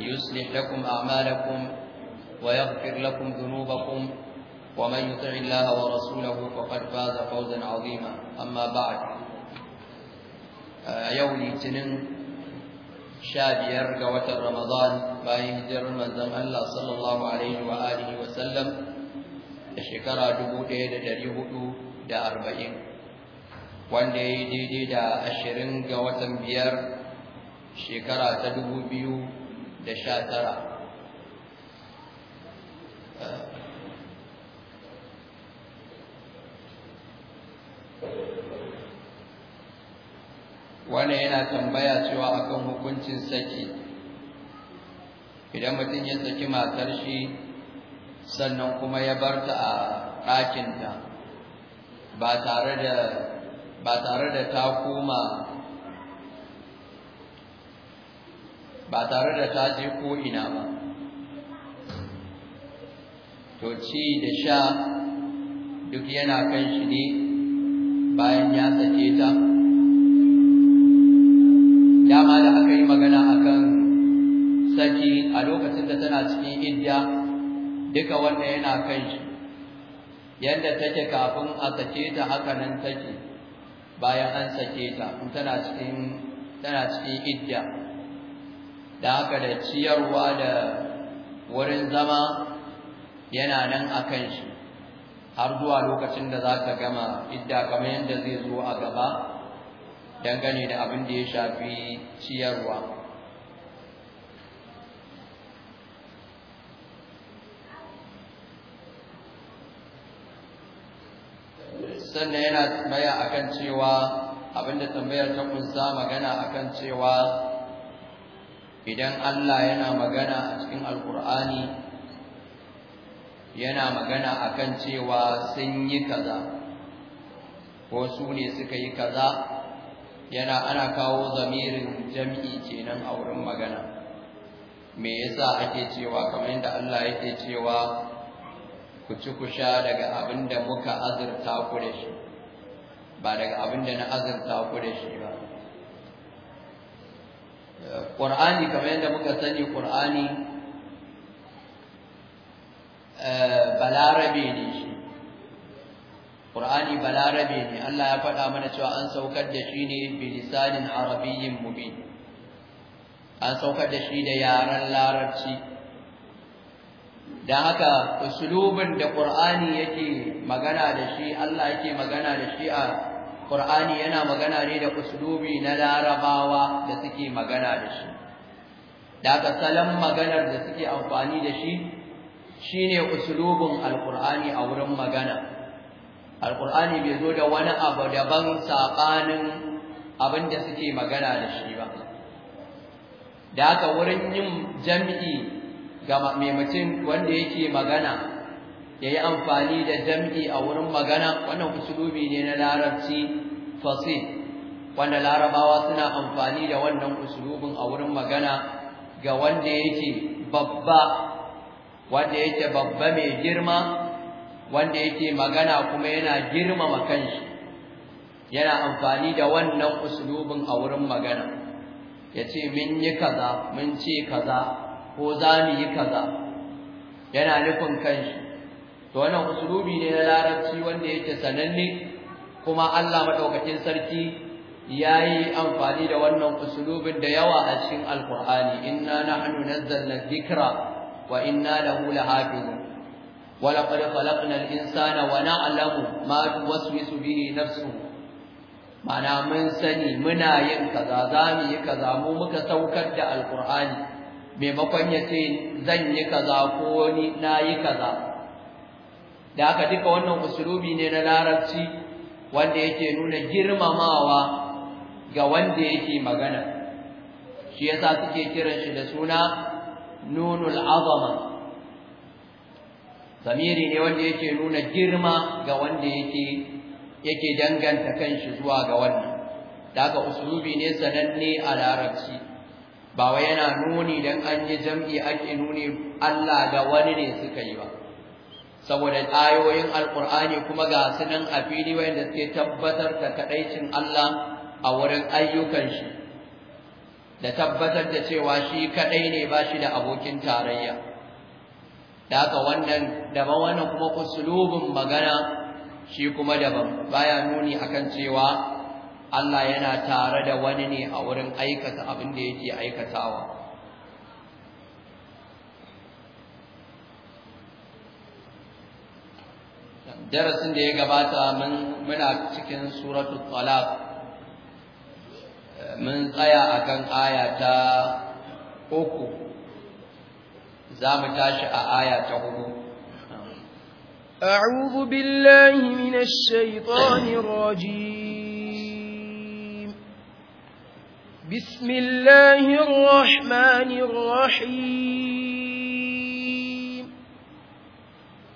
يصلح لكم أعمالكم ويغفر لكم ذنوبكم ومن يطع الله ورسوله فقد فاز فوزا عظيما أما بعد يوم الاثنين sha biyar ga watan Ramadan bayan hijirar manzon Allah sallallahu alaihi wa alihi wa sallam da shekara 1440 wanda ya yi daidai da ashirin ga watan biyar shekara ta dubu biyu da sha tara wanda yana tambaya cewa akan hukuncin saki idan mutum ya saki matar shi sannan kuma ya barta a ɗakinta ba tare da ta koma ba tare da ta je ko ina ba to ci da sha duk yana kan shi ne bayan ya sake ta dama da aka yi magana akan saki a lokacin da tana cikin idda duka wannan yana kan shi yadda take kafin a sake ta haka nan take bayan an sake ta tana cikin tana cikin idda da haka da ciyarwa da wurin zama yana nan a kan shi har zuwa lokacin da za ka gama idda kamar yadda zai zo a gaba dangane da abin da ya shafi ciyarwa sannan yana tambaya akan cewa abinda tambayar ta kunsa magana akan cewa idan Allah yana magana a cikin alkur'ani yana magana a kan cewa sun yi kaza ko su ne suka yi kaza yana ana kawo zamirin jam'i kenan a wurin magana me yasa ake cewa kamar yadda Allah yake cewa ku ci ku sha daga abin da muka azurta ku da shi ba daga abin da na azurta ku da shi ba Qur'ani kamar yadda muka sani Qur'ani eh, balarabe ne shi Qur'ani balarabe ne Allah ya faɗa mana cewa an saukar da shi ne bilisanin arabiyyin mubin an saukar da shi da yaren larabci dan haka usulubin da Qur'ani yake magana da shi Allah yake magana da shi a Qur'ani yana magana ne da uslubi na larabawa da suke magana da shi da salon maganar da suke amfani da shi shine uslubin Al-Qur'ani a wurin magana Al-Qur'ani bai zo da wani abu daban saƙanin abin da suke magana da shi ba da ka wurin yin jam'i ga mai mutum wanda yake magana Ya yi amfani da jam'i a wurin magana wannan usulubi ne na larabci fasi wanda larabawa suna amfani da wannan usulubin a wurin magana ga wanda yake babba wanda yake babba mai girma wanda yake magana kuma yana girmama kanshi yana amfani da wannan usulubin a wurin magana Ya ce mun yi kaza mun ce kaza ko za mu yi kaza yana nufin kanshi to wannan usulubi ne na larabci wanda yake sananne kuma Allah madaukakin sarki yayi amfani da wannan usulubin da yawa a cikin alqur'ani inna nahnu nazzalna dhikra wa inna lahu lahafizun wa laqad khalaqna al-insana wa na'lamu ma tuwaswisu bihi nafsuhu mana mun sani muna yin kaza za mu yi kaza mu muka saukar da alkur'ani maimakon ya ce zan yi kaza ko ni na yi kaza da aka duka wannan usulubi ne na larabci wanda yake nuna girmamawa ga wanda yake magana shi yasa suke kiran shi da suna nunul azama zamiri ne wanda yake nuna girma ga wanda yake yake danganta kanshi zuwa ga wannan da aka usulubi ne sananne a larabci ba wai yana nuni dan an yi jam'i ake nuni Allah da wani ne suka yi ba saboda ayoyin alqur'ani kuma ga sunan a fili wanda suke tabbatar da kadaicin Allah a wurin ayyukan shi da tabbatar da cewa shi kadai ne ba shi da abokin tarayya da ka wannan daban wannan kuma usulubin magana shi kuma daban baya nuni akan cewa Allah yana tare da wani ne a wurin aikata abin da yake aikatawa darasin da ya gabata muna cikin suratul talaq mun tsaya akan aya ta uku za mu tashi a aya ta hudu أعوذ بالله من الشيطان الرجيم بسم الله الرحمن الرحيم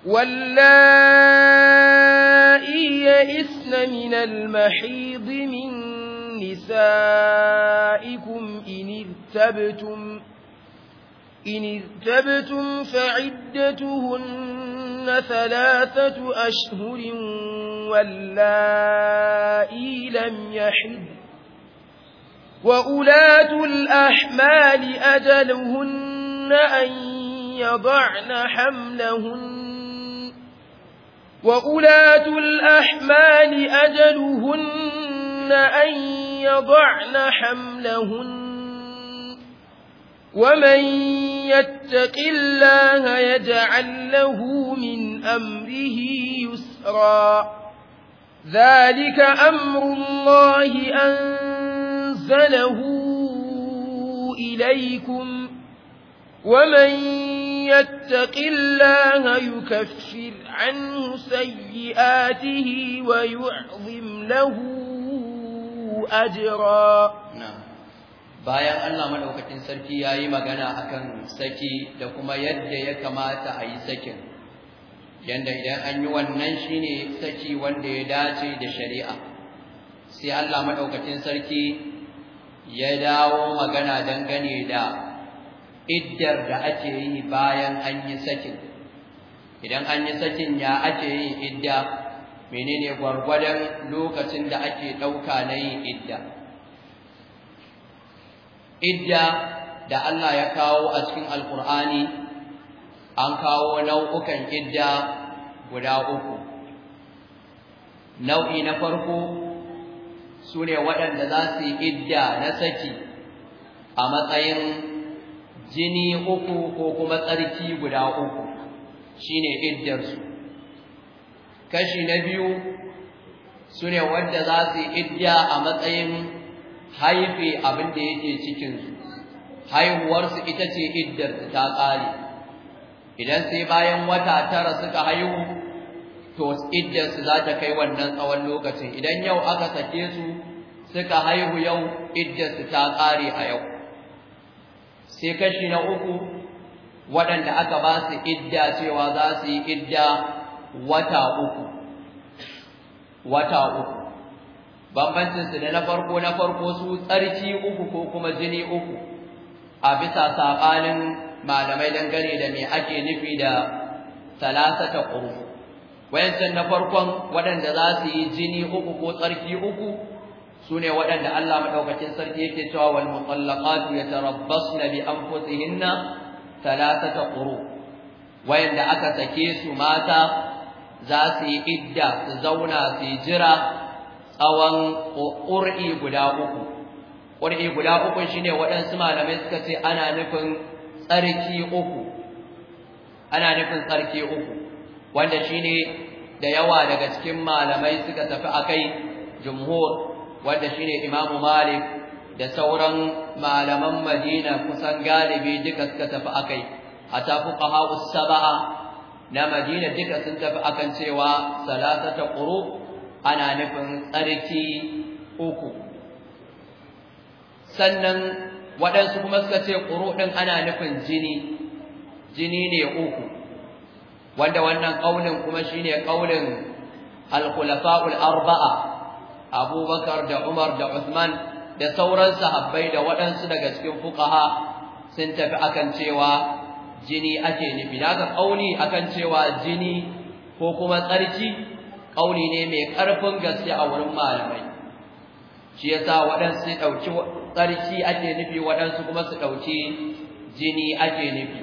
واللائي يئسن من المحيض من نسائكم إن ارتبتم إن ارتبتم فعدتهن ثلاثة أشهر واللائي لم يحد وأولاة الأحمال أجلهن أن يضعن حملهن وأولاة الأحمال أجلهن أن يضعن حملهن ومن يتق الله يجعل له من أمره يسرا ذلك أمر الله أنزله إليكم ومن يتق الله يكفر عنه سيئاته ويعظم له أجرا bayan Allah madaukakin sarki yayi magana akan saki da kuma yadda ya kamata a yi sakin yanda idan an yi wannan shine saki wanda ya dace da shari'a sai Allah madaukakin sarki ya dawo magana dangane da iddar da ake yi bayan an yi sakin idan an yi sakin ya ake yi idda menene gwargwadon lokacin da ake ɗauka na yin idda idda da Allah ya kawo a cikin alkur'ani an kawo nau'ukan idda guda uku nau'i na farko su ne waɗanda za su yi idda na saki a matsayin jini uku ko kuma tsarki guda uku shine iddarsu kashi na biyu su ne wanda za su idda a matsayin haife abin da yake cikinsu haihuwarsu ita ce iddarsu ta ƙare idan sai bayan wata tara suka haihu to iddarsu za ta kai wannan tsawon lokacin idan yau aka sake su suka haihu yau iddarsu ta ƙare a yau sai kashi na uku waɗanda aka ba su idda cewa za su yi idda wata uku wata uku su da na farko na farko su tsarki uku ko kuma jini uku a bisa saɓanin malamai dangane da me ake nufi da talasata ƙuru wayancan na farkon waɗanda za su yi jini uku ko tsarki uku sune waɗanda Allah madaukakin sarki yake cewa wal mutallaqatu yatarabbasna bi anfusihinna thalathata quru wayanda aka sake su mata za su yi idda su zauna su jira tsawon qur'i guda uku qur'i guda uku shine waɗansu malamai suka ce ana nufin tsarki uku ana nufin tsarki uku wanda shine da yawa daga cikin malamai suka tafi akai jumhur wanda shine Imamu Malik da sauran malaman Madina kusan galibi duka suka tafi akai hatta fuqaha us-sab'a na Madina duka sun tafi akan cewa salatata quru ana nufin tsarki uku sannan waɗansu kuma suka ce quru din ana nufin jini jini ne uku wanda wannan kaulin kuma shine kaulin al al arba'a abubakar da umar da usman da sauran sahabbai da waɗansu daga cikin fuqaha sun tafi akan cewa jini ake nufi da aka ƙauni akan cewa jini ko kuma tsarki ƙauni ne mai ƙarfin gaske a wurin malamai shi yasa waɗansu ɗauki tsarki ake nufi waɗansu kuma su ɗauki jini ake nufi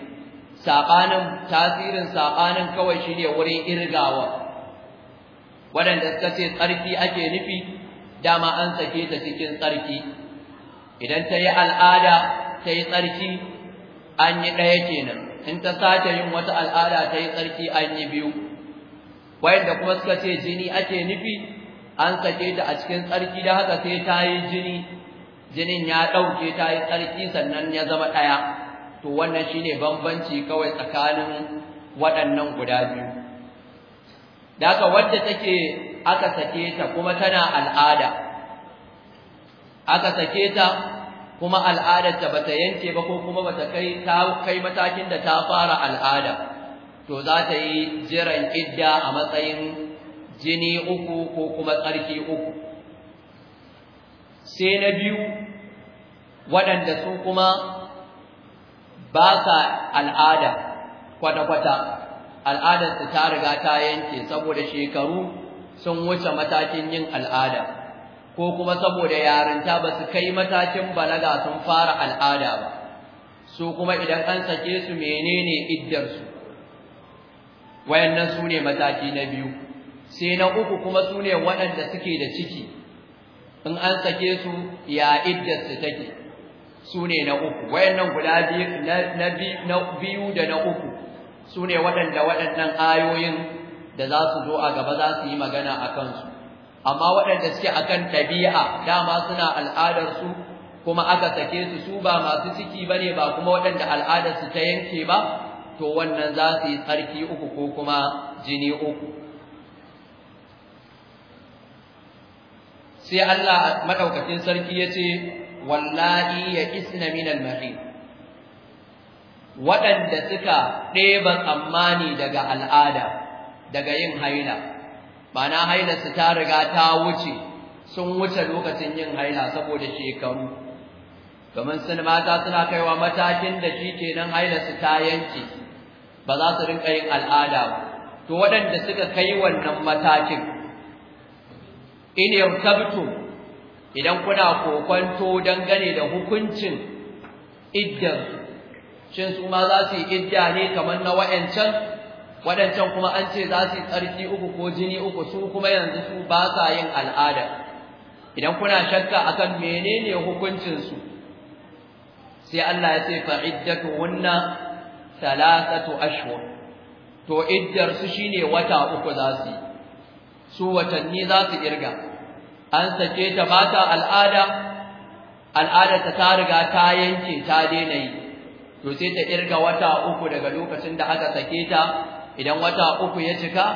saɓanin tasirin saɓanin kawai shine wurin irgawa waɗanda suka ce tsarki ake nufi dama an sake ta cikin tsarki idan ta yi al'ada ta yi tsarki an yi ɗaya kenan in ta sake yin wata al'ada ta yi tsarki an yi biyu wayanda kuma suka ce jini ake nufi an sake ta a cikin tsarki da haka sai ta yi jini jinin ya ɗauke ta yi tsarki sannan ya zama ɗaya to wannan shine bambanci kawai tsakanin waɗannan guda biyu da haka wadda take aka sake ta kuma tana al'ada aka sake ta kuma al'adar ta bata yanke ba ko kuma bata kai ta kai matakin da ta fara al'ada to za ta yi jiran idda a matsayin jini uku ko kuma tsarki uku sai na biyu waɗanda su kuma ba sa al'ada kwata-kwata al'adarsu ta riga ta yanke saboda shekaru sun wuce matakin yin al'ada ko kuma saboda yarinta ba su kai matakin balaga sun fara al'ada ba su kuma idan an sake su menene iddarsu wayannan su ne mataki na biyu sai na uku kuma su ne waɗanda suke da ciki in an sake su ya iddarsu take su ne na uku wayannan guda biyu na biyu da na uku su ne waɗanda waɗannan ayoyin da za su zo a gaba za su yi magana a kansu amma waɗanda suke a kan ɗabi'a dama suna al'adarsu kuma aka sake su su ba masu ciki ba ne ba kuma waɗanda al'adarsu ta yanke ba to wannan za su yi tsarki uku ko kuma jini uku sai Allah maɗaukacin sarki ya ce wallahi ya isna min mahi. waɗanda suka ɗeba tsammani daga al'ada daga yin haila bana hailarsu ta riga ta wuce sun wuce lokacin yin haila saboda shekaru kamar sun mata suna kaiwa matakin da shi kenan hailarsu ta yanke ba za su rinka yin al'ada ba to waɗanda suka kai wannan matakin in yartabtu idan kuna kokonto dangane da hukuncin iddar shin su ma za su yi idda ne kamar na wa'ancan waɗancan kuma an ce za su yi tsarki uku ko jini uku su kuma yanzu su ba sa yin al'ada idan kuna shakka akan menene hukuncinsu sai Allah ya ce fa hunna thalathatu ashhur to iddar su shine wata uku za su su watanni za su kirga an sake ta bata al'ada al'ada ta ta riga ta yanke ta daina yi to sai ta kirga wata uku daga lokacin da aka sake ta idan wata uku ya cika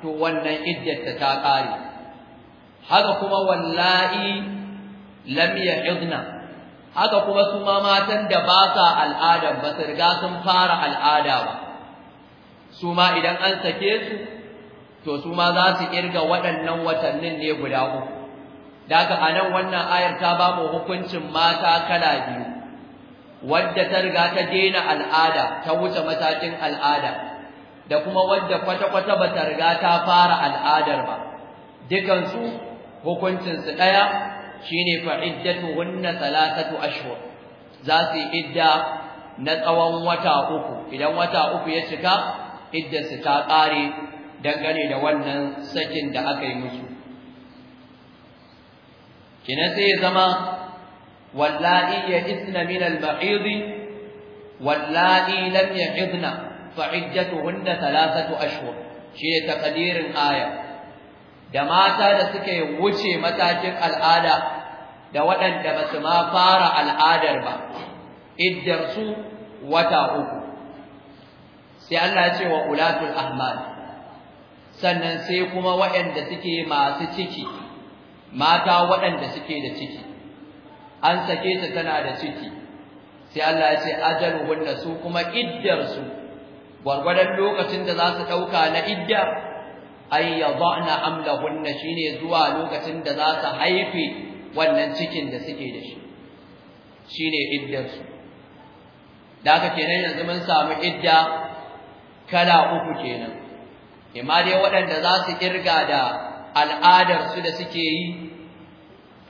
to wannan iddarta ta kare haka kuma wallahi lam yahidna haka kuma su ma matan da ba sa al'ada ba su riga sun fara al'ada ba su ma idan an sake su to su ma za su kirga waɗannan watannin ne guda uku daga nan wannan ayar ta ba mu hukuncin mata kala biyu wadda ta riga ta daina al'ada ta wuce matakin al'ada da kuma wadda kwata-kwata ba ta riga ta fara al'adar ba dukansu hukuncinsu ɗaya shine fa iddatuhunna thalathatu ashhur za su yi idda na tsawon wata uku idan wata uku ya cika iddarsu ta ƙare dangane da wannan sakin da aka yi musu kina sai zama wallahi ya isna min al-ba'id wallahi lam ya'idna فعدتهن ثلاثة shi ne تقدير aya. da mata da suke wuce matakin al'ada da waɗanda ba su ma fara al'adar ba iddarsu wata uku sai Allah ya ce wa ulatul ahmad sannan sai kuma waɗanda suke masu ciki mata waɗanda suke da ciki an sake ta tana da ciki sai Allah ya ce ajaluhunna su kuma iddarsu gwargwadon lokacin da za su ɗauka na idda amla yadana amlahunna shine zuwa lokacin da za su haife wannan cikin da suke da shi shine ne iddarsu. da aka kenan yanzu mun samu idda kala uku kenan imma dai waɗanda za su kirga da al'adarsu da suke yi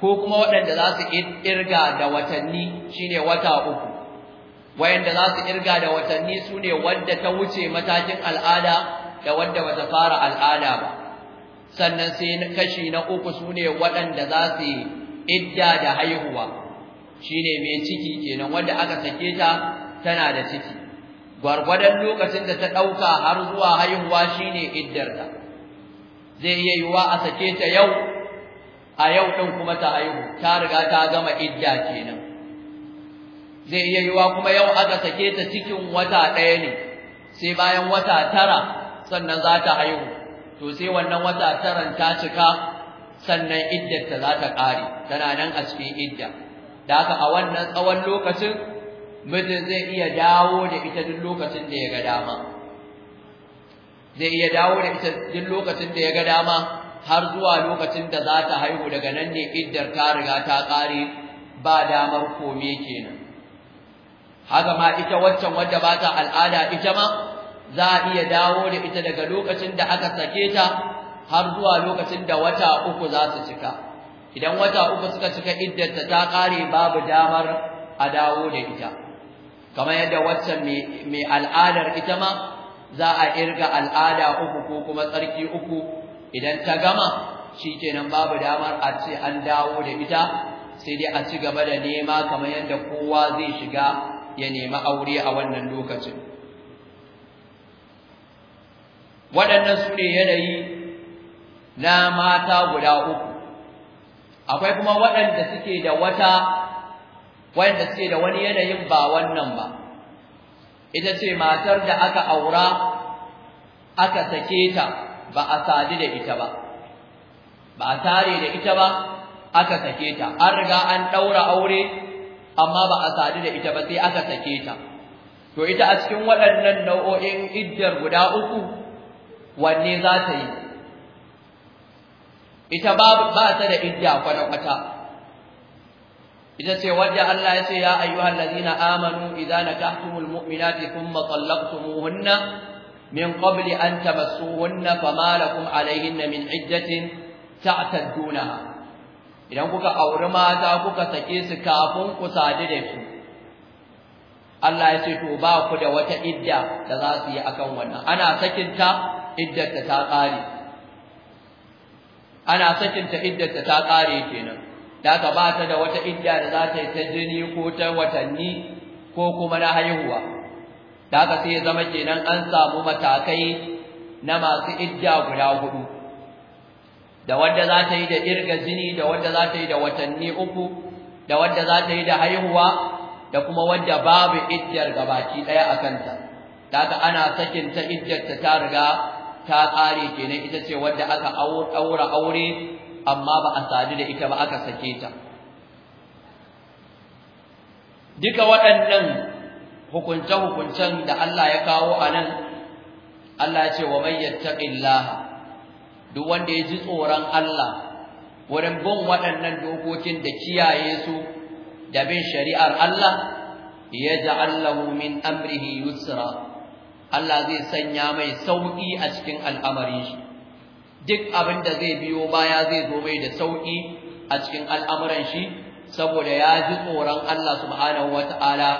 ko kuma waɗanda za su kirga da watanni shine wata uku wayanda za su kirga da watanni su ne wanda ta wuce matakin al'ada da wanda ta fara al'ada ba sannan sai kashi na uku su ne waɗanda za su idda da haihuwa shine mai ciki kenan wanda aka sake ta tana da ciki gwargwadon lokacin da ta ɗauka har zuwa haihuwa shine iddarta zai iya yiwuwa a sake ta yau a yau ɗin kuma ta haihu ta riga ta gama idda kenan zai iya wa kuma yau aka sake ta cikin wata ɗaya ne sai bayan wata tara sannan za ta haihu to sai wannan wata taran ta cika sannan iddarta za ta ƙare tana nan a cikin idda da haka a wannan tsawon lokacin mijin zai iya dawo da ita duk lokacin da ya ga dama zai iya dawo da ita duk lokacin da ya ga dama har zuwa lokacin da za ta haihu daga nan ne iddar ta riga ta ƙare ba damar kome kenan haka ma ita waccan wadda ba ta al'ada ita ma za a iya dawo da ita daga lokacin da aka sake ta har zuwa lokacin da wata uku za su cika idan wata uku suka cika iddarta ta kare babu damar a dawo da ita kamar yadda waccan mai al'adar ita ma za a irga al'ada uku ko kuma tsarki uku idan ta gama shi kenan babu damar a ce an dawo da ita sai dai a ci gaba da nema kamar yadda kowa zai shiga ya nemi aure a wannan lokacin waɗannan su ne yanayi na mata guda uku akwai kuma waɗanda suke da wata waɗanda suke da wani yanayin ba wannan ba ita ce matar da aka aura aka sake ta ba a sadu da ita ba ba a tare da ita ba aka sake ta an riga an ɗaura aure amma ba a sadu da ita ba sai aka sake ta to ita a cikin waɗannan nau'o'in iddar guda uku wanne za ta yi ita ba ta da idda kwata-kwata ita ce wadda Allah ya ce ya ayyuhal ladina amanu idza nakahtumul mu'minati thumma talaqtumuhunna min qabli an tamassuhunna fama lakum alayhinna min iddatin ta'tadunaha idan kuka auri mata kuka sake su kafin ku sadu da su Allah ya ce to ba ku da wata idda da za su yi akan wannan ana sakinta iddar ta kare ana sakinta iddar ta kare kenan da ka ba ta da wata idda da za ta yi ta jini ko ta watanni ko kuma na haihuwa da ka sai zama kenan an samu matakai na masu idda guda hudu da wadda za ta yi da irga jini da wadda za ta yi da watanni uku da wadda za ta yi da haihuwa da kuma wadda babu iddiyar gabaki ɗaya a kanta daga ana sakin ta iddiyarta ta riga ta kare kenan ita ce wadda aka aura aure amma ba a sadu da ita ba aka sake ta duka waɗannan hukunce-hukuncen da Allah ya kawo a nan Allah ya ce wa mai Illaha. duk wanda ya ji tsoron Allah wurin bin waɗannan dokokin da kiyaye su da bin shari'ar Allah ya ja'allahu min amrihi yusra Allah zai sanya mai sauƙi a cikin al'amarin shi duk abin da zai biyo baya zai zo mai da sauƙi a cikin al'amuran shi saboda ya ji tsoron Allah subhanahu wata'ala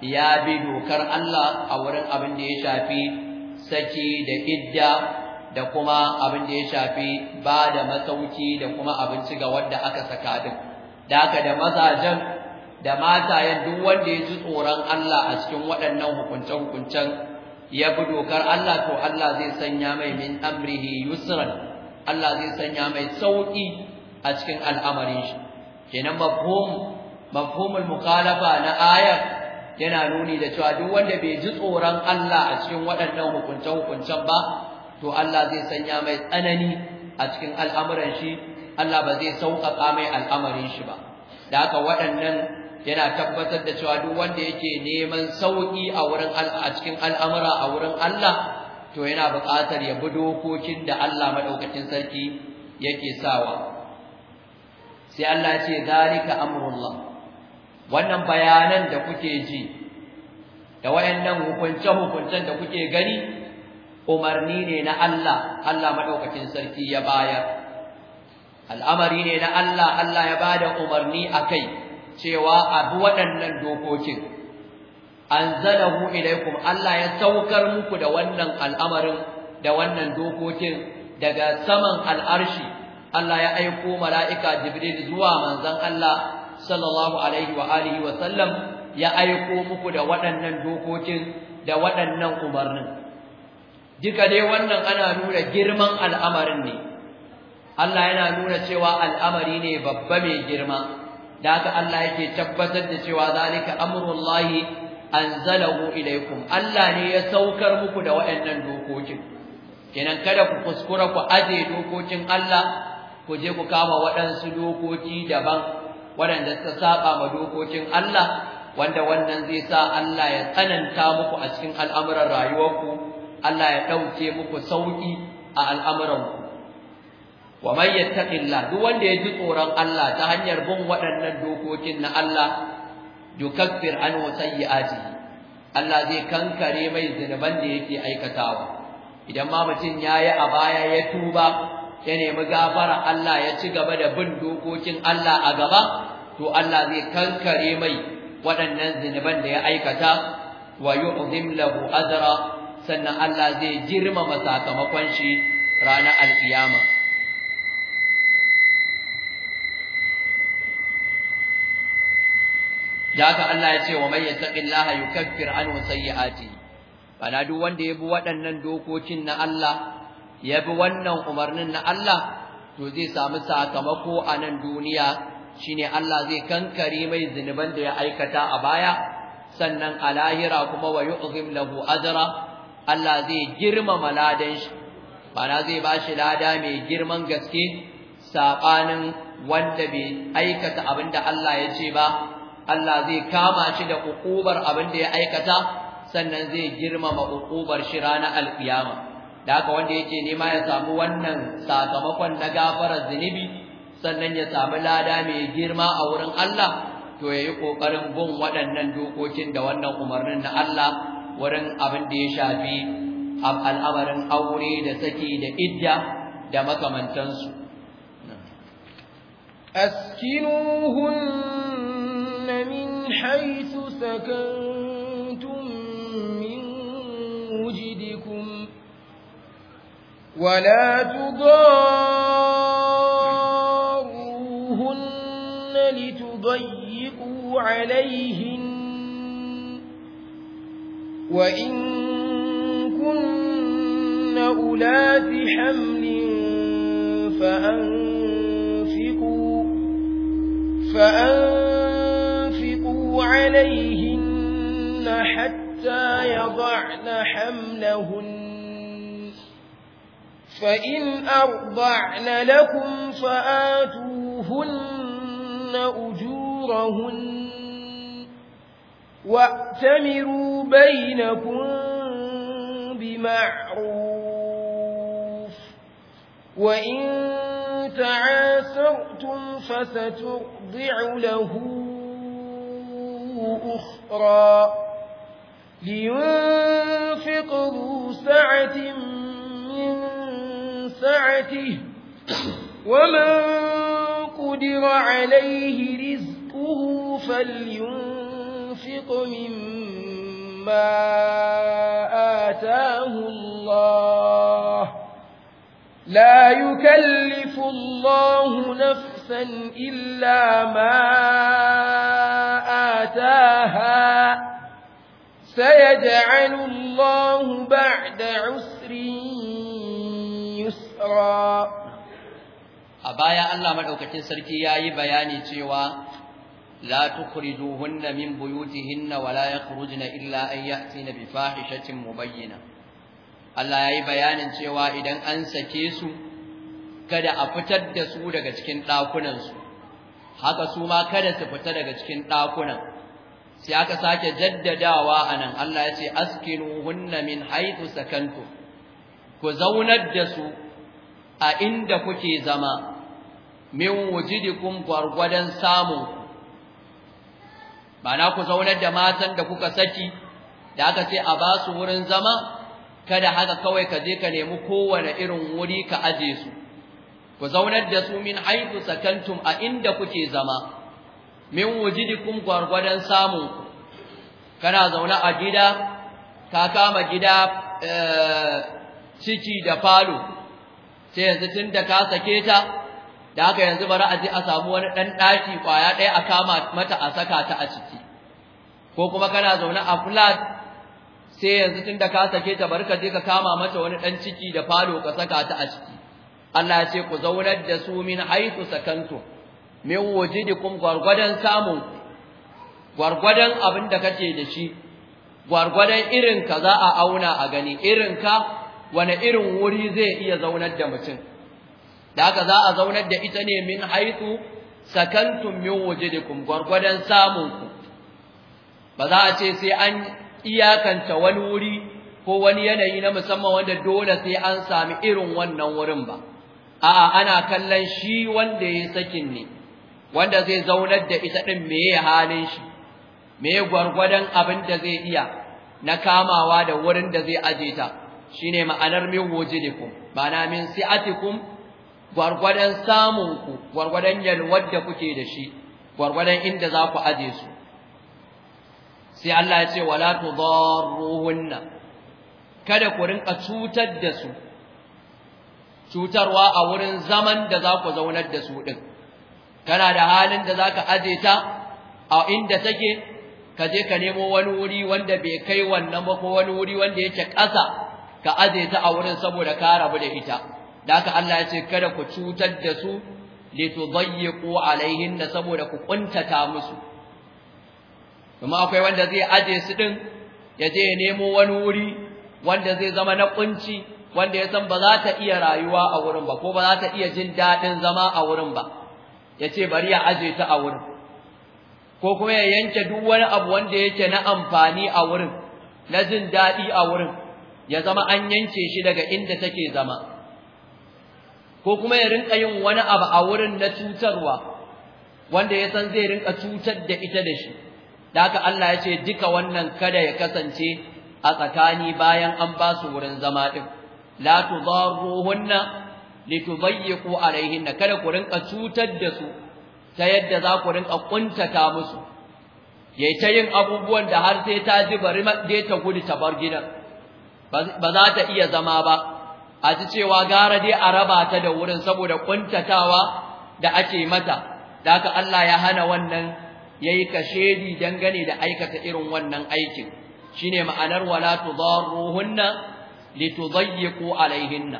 ya bi dokar Allah a wurin abin da ya shafi saki da idda da kuma abin da ya shafi ba da masauki da kuma abinci ga wanda aka saka din da aka da mazajen da matayen duk wanda ya ji tsoron Allah a cikin waɗannan hukuncen hukuncen ya bi dokar Allah to Allah zai sanya mai min amrihi yusran Allah zai sanya mai sauƙi a cikin al'amarin shi kenan mafhum mafhumul mukhalafa na ayar yana nuni da cewa duk wanda bai ji tsoron Allah a cikin waɗannan hukunce-hukuncen ba to Allah zai sanya mai tsanani a cikin al'amuran shi Allah ba zai sauƙaƙa mai al'amarin shi ba da haka waɗannan yana tabbatar da cewa duk wanda yake neman sauƙi a a cikin al'amura a wurin Allah to yana buƙatar ya bi dokokin da Allah maɗaukacin sarki yake sawa sai Allah ya ce zalika amrullah wannan bayanan da kuke ji da wayannan hukunce hukuncen da kuke gani umarni ne na Allah Allah maɗaukakin sarki ya bayar al'amari ne na Allah Allah ya bada umarni a kai cewa abu waɗannan dokokin anzalahu ilaikum Allah ya saukar muku da wannan al'amarin da wannan dokokin daga saman al'arshi Allah ya aiko mala'ika Jibril zuwa manzon Allah sallallahu alaihi wa alihi wa sallam ya aiko muku da waɗannan dokokin da waɗannan umarnin duka dai wannan ana nuna girman al'amarin ne Allah yana nuna cewa al'amari ne babba mai girma da haka Allah yake tabbatar da cewa zalika amrullahi zalahu ilaikum Allah ne ya saukar muku da waɗannan dokokin kenan kada ku kuskura ku aje dokokin Allah ku je ku kama waɗansu dokoki daban waɗanda ta saba ma dokokin Allah wanda wannan zai sa Allah ya tsananta muku a cikin al'amuran rayuwarku Allah ya ɗauke muku sauƙi a al'amuranku. Wa man yattaqillah duk wanda ya ji tsoron Allah ta hanyar bin waɗannan dokokin na Allah yukaffir anhu aji Allah zai kankare mai zunuban da yake aikatawa. Idan ma mutum ya yi a baya ya tuba ya nemi gafara Allah ya ci gaba da bin dokokin Allah a gaba to Allah zai kankare mai waɗannan zunuban da ya aikata wa yu'zim lahu azra sannan Allah zai girmama sakamakon shi ranar alkiyama Daka Allah ya ce wa mai yattaqillaha yukaffir anhu sayyi'ati bana duk wanda ya bi waɗannan dokokin na Allah ya bi wannan umarnin na Allah to zai samu sakamako a nan duniya shine Allah zai kankare mai zinuban da ya aikata a baya sannan a lahira kuma wa yu'zim lahu ajra Allah zai girmama ladan shi bana zai bashi lada mai girman gaske sabanin wanda bai aikata abinda Allah ya ce ba Allah zai kama shi da ukubar abinda ya aikata sannan zai girmama ukubar shi ranar alkiyama da haka wanda yake nema ya samu wannan sakamakon na gafarar zunubi sannan ya samu lada mai girma a wurin Allah to yayi kokarin bin waɗannan dokokin da wannan umarnin na Allah wurin abin da ya shafi al'amarin aure da saki da idda da makamantansu askinuhunna min haythu sakantum min wujidikum ولا تضاروهن لتضيقوا عليهن وإن كن أولاد حمل فأنفقوا, فأنفقوا عليهن حتى يضعن حملهن فإن أرضعن لكم فآتوهن أجورهن واعتمروا بينكم بمعروف وإن تعاسرتم فسترضع له أخرى لينفق ذو سعة من سعته ومن قدر عليه رزقه فلينفق ينفق مما آتاه الله لا يكلف الله نفسا إلا ما آتاها سيجعل الله بعد عسر يسرا a baya Allah madaukakin sarki yayi bayani cewa لا تخرجوهن من بيوتهن ولا يخرجن إلا أن يأتين بفاحشة مبينة Allah ya yi bayanin cewa idan an sake su kada a fitar da su daga cikin ɗakunansu haka su ma kada su fita daga cikin ɗakunan sai aka sake jaddadawa a nan Allah ya ce askinu min haitu sakantu ku zaunar da su a inda kuke zama min wujidikum gwargwadon samun na ku zaunar da matan da kuka saki da aka ce a ba su wurin zama kada haka kawai ka je ka nemi kowane irin wuri ka aje su ku zaunar da su min haifu sakantum a inda kuke zama min wujidikum gwargwadon samun ku kana zaune a gida ka kama gida eh, ciki da falo sai yanzu tun da ka sake ta da haka yanzu bari a je a samu wani ɗan ɗaki kwaya ɗaya a kama mata a saka ta a ciki ko kuma kana zaune a flat sai yanzu tunda ka sake ta bari ka je ka kama mata wani ɗan ciki da falo ka saka ta a ciki Allah ya ce ku zaunar da su min haitu sakantu min wujidikum gwargwadon samu gargwadan abin da kake da shi gargwadan irin ka za a auna a gani irin ka wani irin wuri zai iya zaunar da mutum da haka za a zaunar da ita ne min haitu sakantum min wujudikum gwargwadon samun ku ba za a ce sai an iyakanta wani wuri ko wani yanayi na musamman wanda dole sai an sami irin wannan wurin ba a'a ana kallon shi wanda ya sakin ne wanda zai zaunar da ita din ya halin shi Me gwargwadon abin da zai iya na kamawa da wurin da zai aje ta shine ma'anar min wujudikum ba na min si'atikum gwargwadon samunku gwargwadon yalwar da kuke da shi gwargwadon inda za ku aje su sai Allah ya ce wala tudarruhunna kada ku rinka cutar da su cutarwa a wurin zaman da za ku zaunar da su din kana da halin da zaka aje ta a inda take ka je ka nemo wani wuri wanda bai kai wannan ba ko wani wuri wanda yake ƙasa ka aje ta a wurin saboda ka rabu da ita da Allah ya ce kada ku cutar da su tudayyiqu alaihin da saboda ku kuntata musu kuma akwai wanda zai aje su din ya je ya nemo wani wuri wanda zai zama na kunci wanda ya san ba za ta iya rayuwa a wurin ba ko ba za ta iya jin dadin zama a wurin ba ya ce bari ya aje ta a wurin ko kuma ya yanke duk wani abu wanda yake na amfani a wurin na jin daɗi a wurin ya zama an yanke shi daga inda take zama ko kuma ya rinka yin wani abu a wurin na cutarwa wanda ya san zai rinka cutar da ita da shi da haka Allah ya ce duka wannan kada ya kasance a tsakani bayan an ba su wurin zama din la tudarruhunna litudayyiqu alaihinna kada ku rinka cutar da su ta yadda za ku rinka kuntata musu yayi ta yin abubuwan da har sai ta ji bari ma ta gudu ta bar gidan ba za ta iya zama ba a ji cewa gara dai a raba ta da wurin saboda kuntatawa da ake mata da haka Allah ya hana wannan yayi kashedi dangane da aikata irin wannan aikin shine ma'anar wala tudarruhunna litudayyiqu alaihinna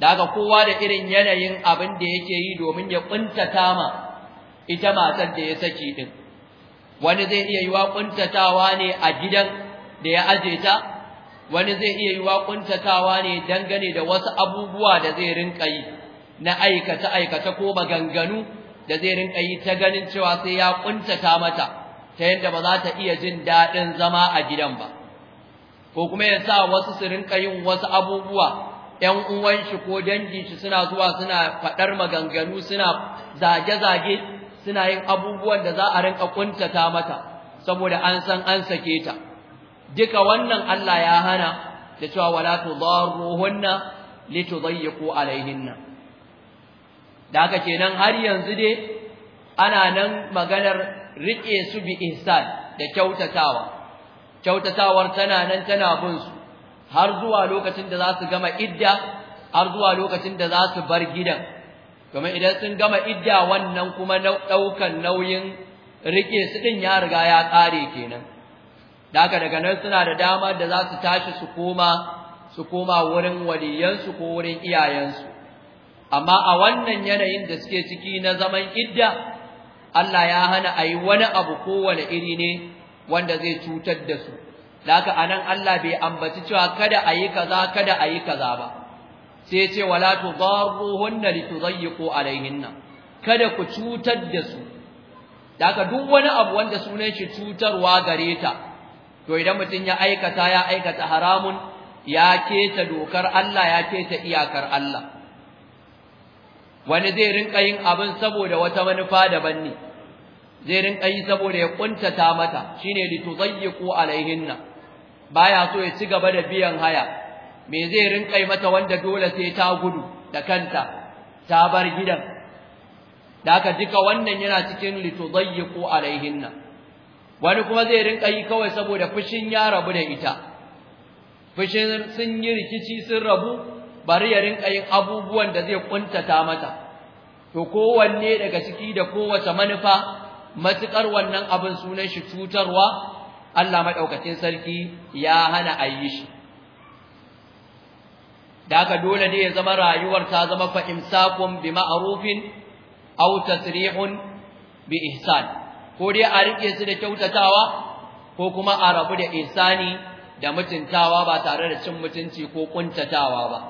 da haka kowa da irin yanayin abin da yake yi domin ya kuntata ma ita matar da ya saki din wani zai iya yi wa kuntatawa ne a gidan da ya aje ta wani zai iya yi ƙuntatawa ne dangane da wasu abubuwa da zai rinka yi na aikata aikata ko maganganu da zai rinka yi ta ganin cewa sai ya ƙuntata mata ta yadda ba za ta iya jin daɗin zama a gidan ba ko kuma ya sa wasu su rinka yin wasu abubuwa ‘yan uwan shi ko dangi shi suna zuwa suna faɗar maganganu suna zage-zage suna yin abubuwan da za a rinka ƙuntata mata saboda an san an sake ta. duka wannan Allah ya hana da cewa wala tudarruhunna litudayyiqu alaihinna da haka kenan har yanzu dai ana nan maganar rike su bi ihsan da kyautatawa kyautatawar tana nan tana bin su har zuwa lokacin da za su gama idda har zuwa lokacin da za su bar gidan kuma idan sun gama idda wannan kuma daukan nauyin rike su din ya riga ya kare kenan daga daga nan suna da dama da za su tashi su koma su koma wurin waliyansu ko wurin iyayensu amma a wannan yanayin da suke ciki na zaman idda Allah ya hana a yi wani abu kowane iri ne wanda zai cutar da su daga anan Allah bai ambaci cewa kada a yi kaza kada a yi kaza ba sai ce wala tudarruhunna litudayyiqu alaihinna kada ku cutar da su daga duk wani abu wanda sunan shi cutarwa gareta ta to idan mutum ya aikata ya aikata haramun ya keta dokar Allah ya keta iyakar Allah wani zai rinka yin abin saboda wata manufa daban ne zai rinka yi saboda ya kuntata mata shine litudayyiqu alaihinna baya so ya ci gaba da biyan haya me zai rinka yi mata wanda dole sai ta gudu da kanta ta bar gidan da aka duka wannan yana cikin litudayyiqu alaihinna wani kuma zai rinka yi kawai saboda fushin ya rabu da ita fushin sun yi rikici sun rabu bari ya rinka yin abubuwan da zai kuntata mata to kowanne daga ciki da kowace manufa matukar wannan abin sunan shi cutarwa Allah madaukakin sarki ya hana ayi shi Da ka dole ne ya zama rayuwar ta zama fa bi ma'rufin aw tasrihun bi ihsan ko dai a rike su da kyautatawa ko kuma a rabu da isani da mutuntawa ba tare da cin mutunci ko kuntatawa ba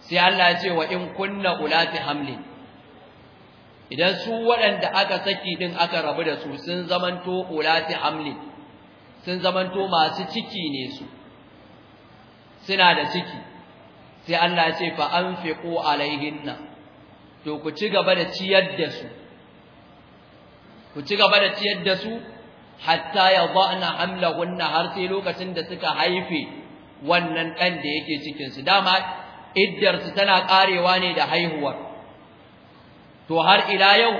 sai Allah ya ce wa in kunna ulati hamlin idan su waɗanda aka saki din aka rabu da su sun zamanto ulati hamlin sun zamanto masu ciki ne su suna da ciki sai Allah ya ce fa anfiqu alaihinna to ku ci gaba da ciyar da su ku ci gaba da ciyar da su hatta yadhana hamlahunna har sai lokacin da suka haife wannan ɗan da yake cikin su dama iddarsu tana ƙarewa ne da haihuwa to har ila yau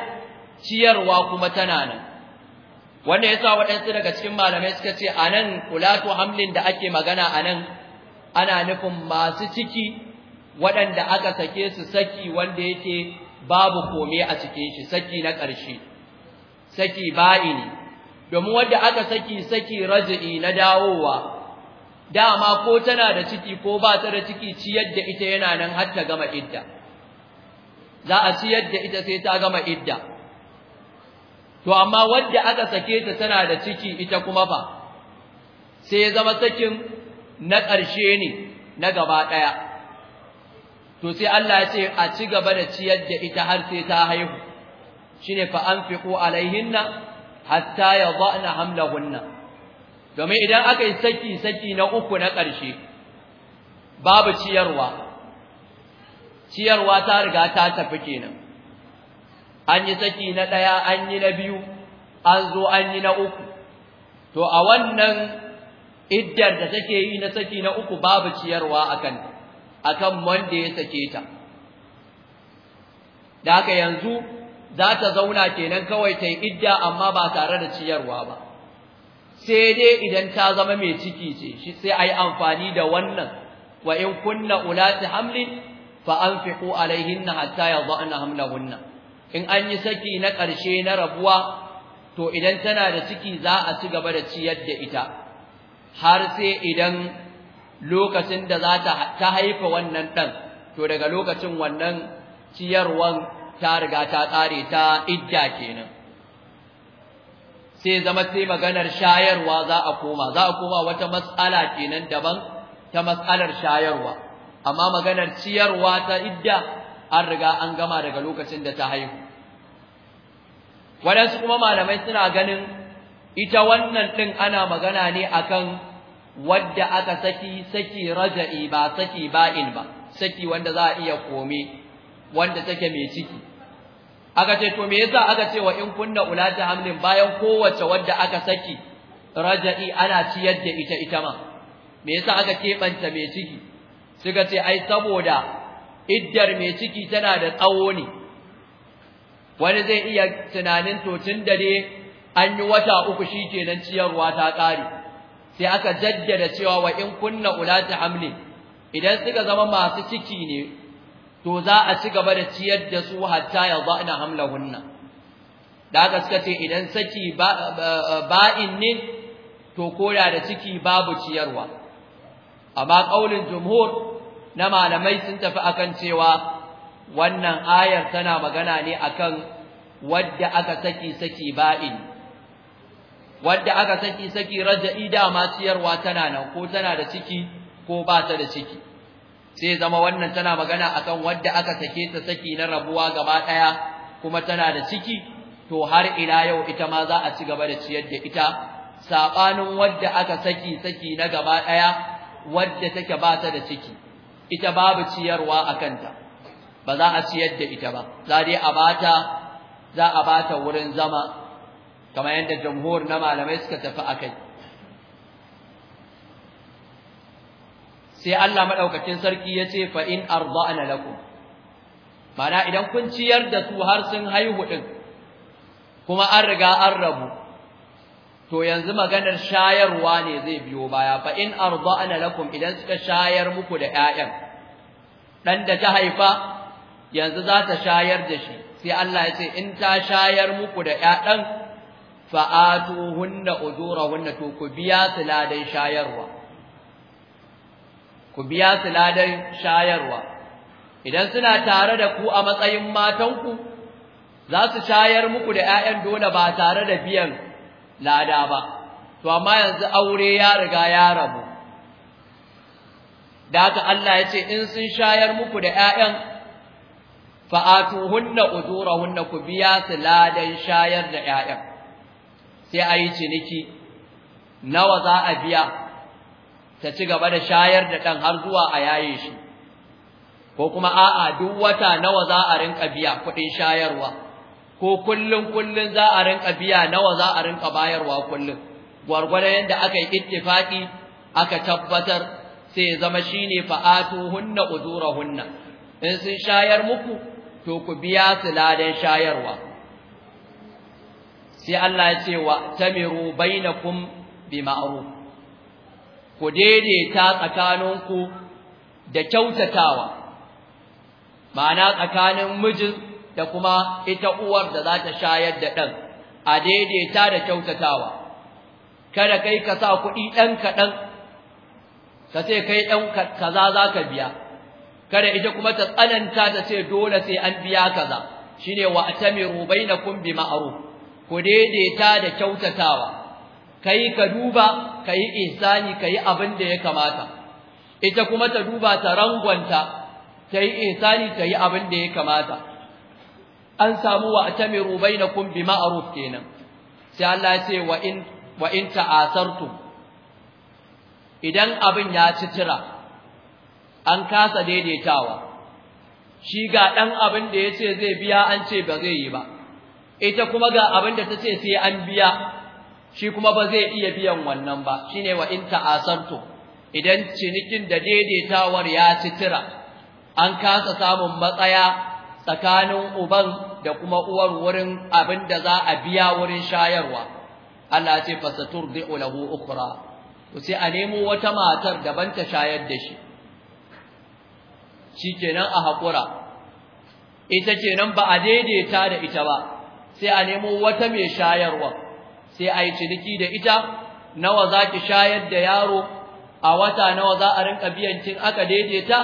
ciyarwa kuma tana nan wanda yasa waɗansu daga cikin malamai suka ce anan kulatu hamlin da ake magana anan ana nufin masu ciki waɗanda aka sake su saki wanda yake babu kome a cikin shi saki na ƙarshe saki ba'ini domin wanda aka saki saki raj'i na dawowa dama ko tana da ciki ko ba ta da ciki ciyar da ita yana nan har ta gama idda za a ciyar da ita sai ta gama idda to amma wanda aka sake ta tana da ciki ita kuma ba sai ya zama sakin na ƙarshe ne na gaba ɗaya to sai Allah ya ce a ci gaba da ciyar da ita har sai ta haihu shine fa anfiqu alaihinna hatta yadhana hamlahunna domin idan aka yi saki saki na uku na ƙarshe babu ciyarwa ciyarwa ta riga ta tafi kenan an yi saki na ɗaya an yi na biyu an zo an yi na uku to a wannan iddar da take yi na saki na uku babu ciyarwa akan akan wanda ya sake ta da haka yanzu za ta zauna kenan kawai ta yi idda amma ba tare da ciyarwa ba sai dai idan ta zama mai ciki ce shi sai a yi amfani da wannan wa in kunna ulati hamlin fa anfiqu alaihinna hatta yadhana hamlahunna in an yi saki na ƙarshe na rabuwa to idan tana da ciki za a ci gaba da ciyar da ita har sai idan lokacin da za ta haifa wannan ɗan to daga lokacin wannan ciyarwan ta riga ta tsare ta idda kenan sai zama sai maganar shayarwa za a koma za a koma wata matsala kenan daban ta matsalar shayarwa amma maganar ciyarwa ta idda an riga an gama daga lokacin da ta haihu waɗansu kuma malamai suna ganin ita wannan ɗin ana magana ne akan wadda aka saki saki raja'i ba saki ba'in ba saki wanda za a iya kome wanda take mai ciki aka ce to me yasa aka ce wa in kunna ulati hamlin bayan kowace wadda aka saki raja'i ana ciyar da ita ita ma me yasa aka keɓanta mai ciki suka ce ai saboda iddar mai ciki tana da tsawo ne wani zai iya tunanin to tun da dai an yi wata uku shikenan ciyarwa ta ƙare sai aka jaddada cewa wa in kunna ulati hamlin idan suka zama masu ciki ne to za a ci gaba da ciyar da su hatta ya za'na hamlahunna da gaske suka ce idan saki ba'in ne to koda da ciki babu ciyarwa amma kaulin jumhur na malamai sun tafi akan cewa wannan ayar tana magana ne akan wadda aka saki saki ba'in wadda aka saki saki raja'i dama ciyarwa tana nan ko tana da ciki ko ba ta da ciki sai zama wannan tana magana akan wadda aka sake ta saki na rabuwa gaba daya kuma tana da ciki to har ila yau ita ma za a ci gaba da ciyar da ita sabanin wadda aka saki saki na gaba daya wadda take ba ta da ciki ita babu ciyarwa akan ta ba za a ciyar da ita ba za dai a bata za a bata wurin zama kamar yadda jamhur na malamai suka tafi akai sai Allah madaukakin sarki ya ce fa in arda'na lakum Bana idan kun ciyar da su har sun haihu din kuma an riga an rabu to yanzu maganar shayarwa ne zai biyo baya fa in arda'na lakum idan suka shayar muku da ƴaƴan dan da ta haifa yanzu za ta shayar da shi sai Allah ya ce in ta shayar muku da ƴaƴan fa'atuhunna ujurahunna to ku biya su ladan shayarwa ku biya su ladan shayarwa idan suna tare da ku a matsayin matanku za su shayar muku da 'ya'yan dole ba tare da biyan lada ba to amma yanzu aure ya riga ya rabu da haka Allah ya ce in sun shayar muku da 'ya'yan udura hunna ku biya su ladan shayar da 'ya'yan sai ayi ciniki nawa za a biya ta ci gaba da shayar da ɗan har zuwa a yaye shi ko kuma a'a duk wata nawa za a rinka biya kuɗin shayarwa ko kullum kullum za a rinka biya nawa za a rinka bayarwa kullum gwargwadon yadda aka yi ittifaki aka tabbatar sai zama shine fa'atu hunna uzura hunna in sun shayar muku to ku biya su ladan shayarwa sai Allah ya ce wa tamiru bainakum bi ma'ruf ku daidaita tsakaninku da kyautatawa ma'ana tsakanin mijin da kuma ita uwar da za ta shayar da ɗan a daidaita da kyautatawa kada kai ka sa kuɗi ɗan kaɗan ka ce kai ɗan kaza za ka biya kada ita kuma ta tsananta ta ce dole sai an biya kaza shine wa atamiru bainakum kumbi ku daidaita da kyautatawa kai ka duba kai ihsani kai abin da ya kamata ita kuma ta duba ta rangwanta kai yi ihsani kai yi abin da ya kamata an samu wa atamiru bainakum bi ma'ruf kenan sai Allah ya ce wa in wa in ta'asartum idan abin ya ci tira an kasa daidaitawa shi ga 'dan abin da ya zai biya an ce ba zai yi ba, ita kuma ga abin da ta sai an biya, shi kuma ba zai iya biyan wannan ba Shi ne wa in ta'asantu idan cinikin da daidaitawar ya citira an kasa samun matsaya tsakanin uban da kuma uwar wurin abin da za a biya wurin shayarwa Allah ce fasatur zai lahu ukhra to sai a nemo wata matar daban ta shayar da shi shikenan a hakura ita ce ba a daidaita da ita ba sai a nemo wata mai shayarwa sai a yi ciniki da ita nawa za ki shayar da yaro a wata nawa za a rinka biyan cin aka daidaita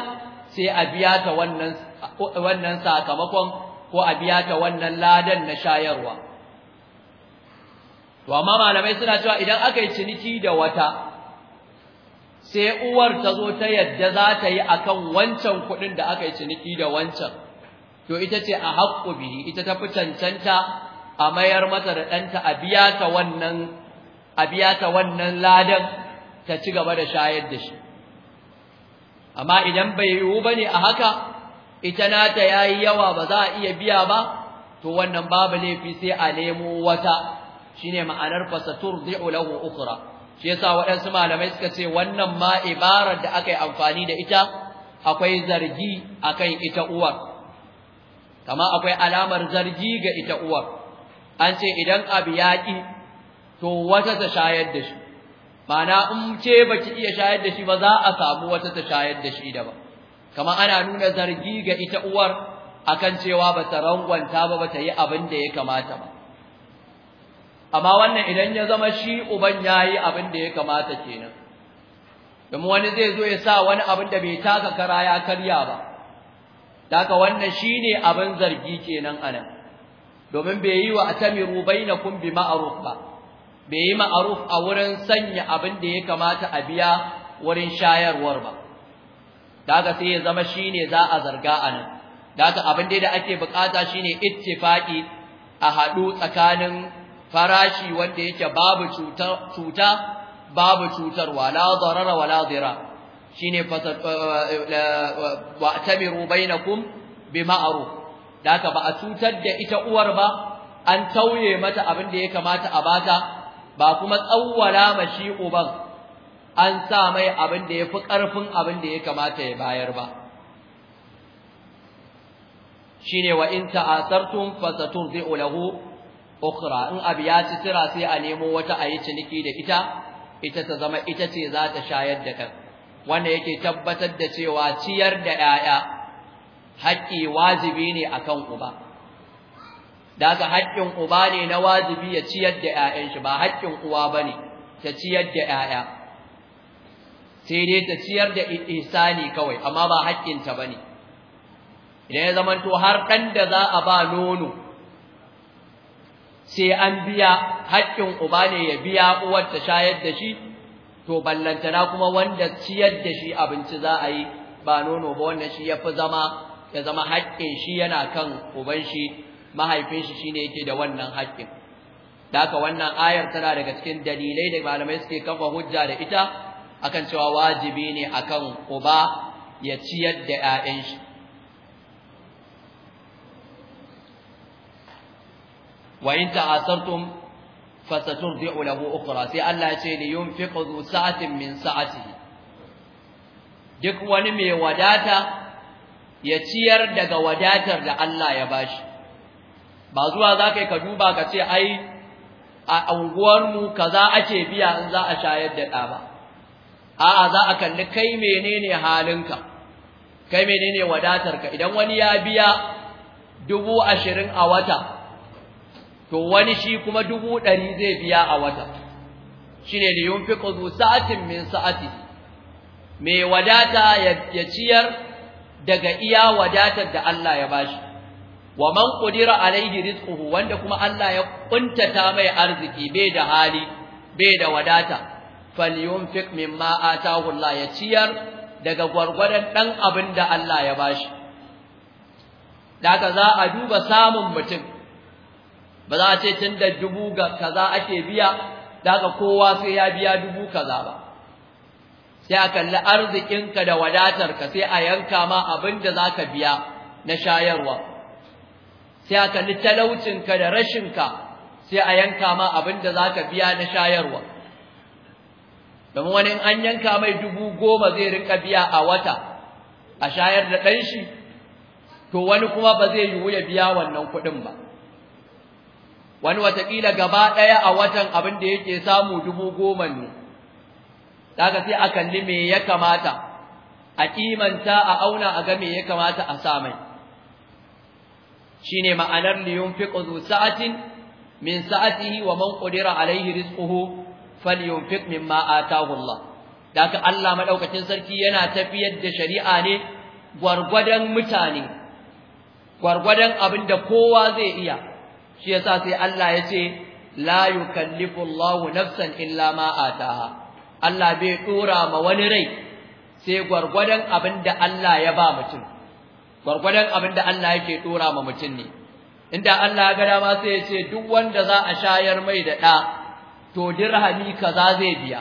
sai a biya ta wannan sakamakon ko a biya ta wannan ladan na shayarwa to amma malamai suna cewa idan aka yi ciniki da wata sai uwar ta zo ta yadda za ta yi a kan wancan kuɗin da aka yi ciniki da wancan to ita ce a haƙƙo biyu ita ta fi cancanta a mayar mata da ɗanta a biya ta wannan a biya ta wannan ladan ta ci gaba da shayar da shi amma idan bai yiwu ne a haka ita nata yayi yawa ba za a iya biya ba to wannan babu laifi sai a nemo wata shine ma'anar fasaturdi'u lahu ukhra shi yasa waɗansu malamai suka ce wannan ma ibarar da aka yi amfani da ita akwai zargi akan ita uwar kama akwai alamar zargi ga ita uwar an ce idan abu ya ƙi to wata ta shayar da shi mana in ce ba ki iya shayar da shi ba za a samu wata ta shayar da shi da ba Kama ana nuna zargi ga ita uwar akan cewa ba ta rangwanta ba ba ta yi abin da ya kamata ba amma wannan idan ya zama shi uban yayi abin da ya kamata kenan domin wani zai zo ya sa wani abin da bai taka kara ya karya ba daka wannan shi ne abin zargi kenan anan domin bai yi wa atamiru bainakum bi ma'ruf ba bai yi ma'ruf a wurin sanya abin da ya kamata a biya wurin shayarwar ba daga sai ya zama shine za a zarga anan daga abin da ake bukata shine ittifaqi a hadu tsakanin farashi wanda yake babu cuta cuta babu cutarwa la darara wala dira shine fa eh, eh, wa bainakum bi ma'ruf da haka ba a cutar da ita uwar ba an tauye mata abin da ya kamata a bata ba kuma tsawwala ma shi uban an sa mai abin da yafi karfin abin da ya kamata ya bayar ba shine wa in ta'asartum fasaturdi'u lahu ukhra in a biya ci tira sai a nemo wata ayi ciniki da ita ita ta zama ita ce za ta shayar da kan wanda yake tabbatar da cewa ciyar da 'ya'ya haƙƙi wajibi ne akan uba daga haƙƙin uba ne na wajibi ya ciyar da ƴaƴan shi ba haƙƙin uwa bane ta ciyar da ƴaƴa sai dai ta ciyar da ihsani kawai amma ba haƙƙin ta bane idan ya zamanto har ɗan da za a ba nono sai an biya haƙƙin uba ne ya biya uwar ta shayar da shi to ballantana kuma wanda ciyar da shi abinci za a yi ba nono ba wannan shi ya fi zama ya zama haƙƙin shi yana kan uban shi mahaifin shi shine yake da wannan haƙƙin daka wannan ayar tana daga cikin dalilai da malamai suke kafa hujja da ita akan cewa wajibi ne akan uba ya ciyar da ƴaƴan shi wa in ta'asartum fasaturdi'u lahu ukhra sai Allah ya ce ni yunfiqu sa'atin min sa'atihi duk wani mai wadata ya ciyar daga wadatar da Allah ya bashi ba zuwa za ka yi ka duba ka ce ai a unguwarmu kaza ake biya in za a shayar da ɗa ba a'a za a kalli kai menene halinka kai menene wadatar ka. idan wani ya biya dubu ashirin a wata to wani shi kuma dubu ɗari zai biya a wata shine ne yunfiqu sa'atin min sa'ati mai wadata ya ciyar daga iya wadatar da Allah ya bashi wa man qudira alaihi rizquhu wanda kuma Allah ya kuntata mai arziki bai da hali bai da wadata falyunfiq mimma atahu Allah ya ciyar daga gwargwadon dan abin da Allah ya bashi daga za a duba samun mutum ba za a ce tun da dubu ga kaza ake biya daga kowa sai ya biya dubu kaza ba sai a kalli arzikinka da wadatarka sai a yanka ma abin da za ka biya na shayarwa sai a kalli talaucinka da rashinka sai a yanka ma abin da za ka biya na shayarwa domin wani an yanka mai dubu goma zai rinka biya a wata a shayar da ɗan shi to wani kuma ba zai yiwu ya biya wannan kuɗin ba wani watakila gaba ɗaya a watan abin da yake samu dubu goma ne daga sai a kalli me ya kamata a kimanta a auna a ga me ya kamata a sa mai shine ma'anar li yunfiqu zu sa'atin min sa'atihi wa man qadira alaihi rizquhu falyunfiq mimma ataahu Allah daga Allah madaukakin sarki yana tafiyar da shari'a ne gwargwadon mutane gwargwadon abin da kowa zai iya shi yasa sai Allah ya ce la yukallifu Allahu nafsan illa ma ataha Allah bai dora ma wani rai sai gwargwadon abin Allah ya ba mutum gwargwadon abin da Allah yake dora ma mutum ne inda Allah ga dama sai ya ce duk wanda za a shayar mai da ɗa to dirhami kaza zai biya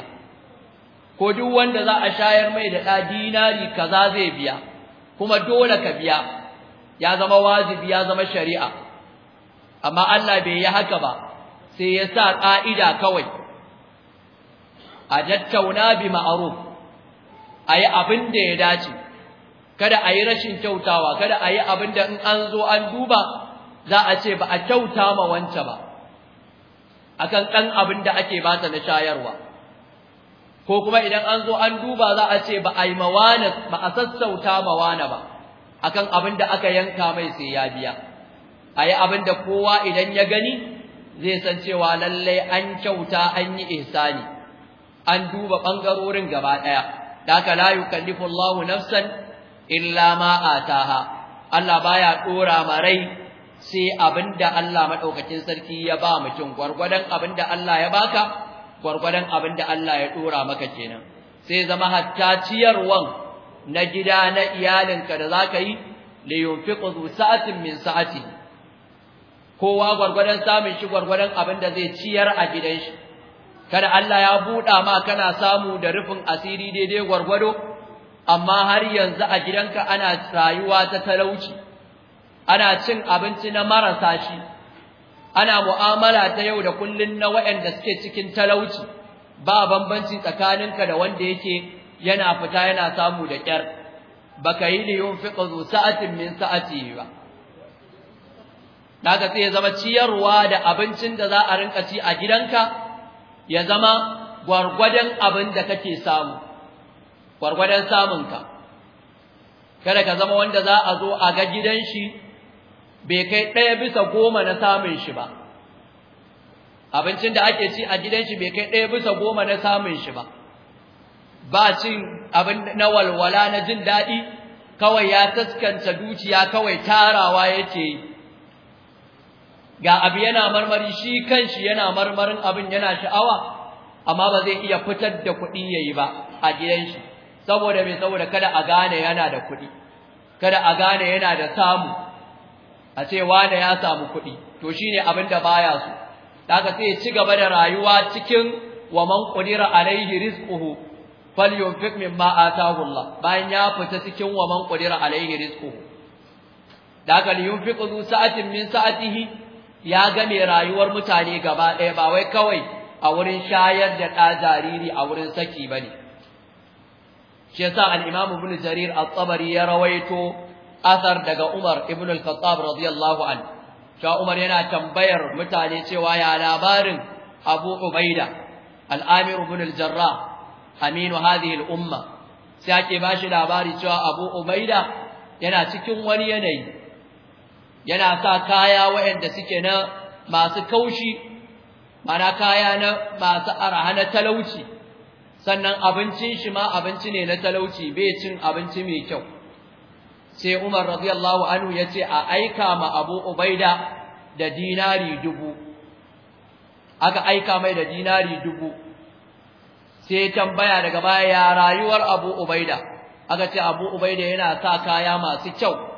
ko duk wanda za a shayar mai da ɗa dinari kaza zai biya kuma dole ka biya ya zama wajibi ya zama shari'a amma Allah bai yi haka ba sai ya sa ka'ida kawai a tattauna bi ma'ruf ayi abin da ya dace kada ayi rashin kyautawa kada ayi abin da in an zo an duba za a ce ba a kyauta ma wance ba akan dan abin da ake ba ta na shayarwa ko kuma idan an zo an duba za a ce ba a yi mawana ba a sassauta mawana ba akan abin da aka yanka mai sai ya biya ayi abin da kowa idan ya gani zai san cewa lallai an kyauta an yi ihsani an duba ɓangarorin gaba daya daka la yukallifu Allahu nafsan illa ma ataha Allah baya dora marai sai abinda Allah madaukakin sarki ya ba mutum gwargwadon abinda Allah ya baka gwargwadon abinda Allah ya dora maka kenan sai zama hatta ciyarwan na gida na iyalinka da zaka yi li sa'atin min sa'ati kowa gwargwadon samun shi gwargwadon abinda zai ciyar a gidan shi kada Allah ya buɗa ma kana samu da rufin asiri daidai gwargwado amma har yanzu a gidanka ana rayuwa ta talauci ana cin abinci na marasa shi ana mu'amala ta yau da kullun na waɗanda suke cikin talauci ba bambanci tsakaninka da wanda yake yana fita yana samu da kyar baka yi li yunfiqu zu sa'atin min sa'ati ba daga sai ya zama ciyarwa da abincin da za a rinka ci a gidanka ya zama gwargwadon abin da kake samu gwargwadon samunka kada ka zama wanda za a zo a ga gidan shi bai kai ɗaya bisa goma na samun shi ba abincin da ake ci a gidan shi bai kai ɗaya bisa goma na samun shi ba ba cin abin na walwala na jin daɗi kawai ya taskanta dukiya kawai tarawa yake yi ga abu yana marmari shi kanshi yana marmarin abin yana sha'awa amma ba zai iya fitar da kuɗi ya yi ba a gidan shi saboda mai saboda kada a gane yana da kuɗi kada a gane yana da samu a ce wane ya samu kuɗi to shi ne abin da baya su, daga sai ya ci gaba da rayuwa cikin wa man ƙudira alaihi rizquhu falyunfiq mimma ataahu Allah bayan ya fita cikin wa man qadira alaihi rizquhu daga liyunfiq zu sa'atin min sa'atihi ya game rayuwar mutane gaba ɗaya ba wai kawai a wurin shayar da ɗa jariri a wurin saki ba ne. Shi yasa al'imam Ibn Jarir al-Tsabari ya rawaito asar daga Umar Ibn al-Khattab radiyallahu an. Cewa Umar yana tambayar mutane cewa ya labarin Abu Ubaida, al'amir Ibn al aminu hadhihi umma Sai ake ba shi labari cewa Abu Ubaida yana cikin wani yanayi yana sa kaya waɗanda suke na masu kaushi mana kaya na masu araha na talauci sannan abincin shi ma abinci ne na talauci bai cin abinci mai kyau sai Umar radiyallahu anhu yace a aika ma Abu Ubaida da dinari dubu aka aika mai da dinari dubu sai tambaya daga baya ya rayuwar Abu Ubaida aka ce Abu Ubaida yana sa kaya masu kyau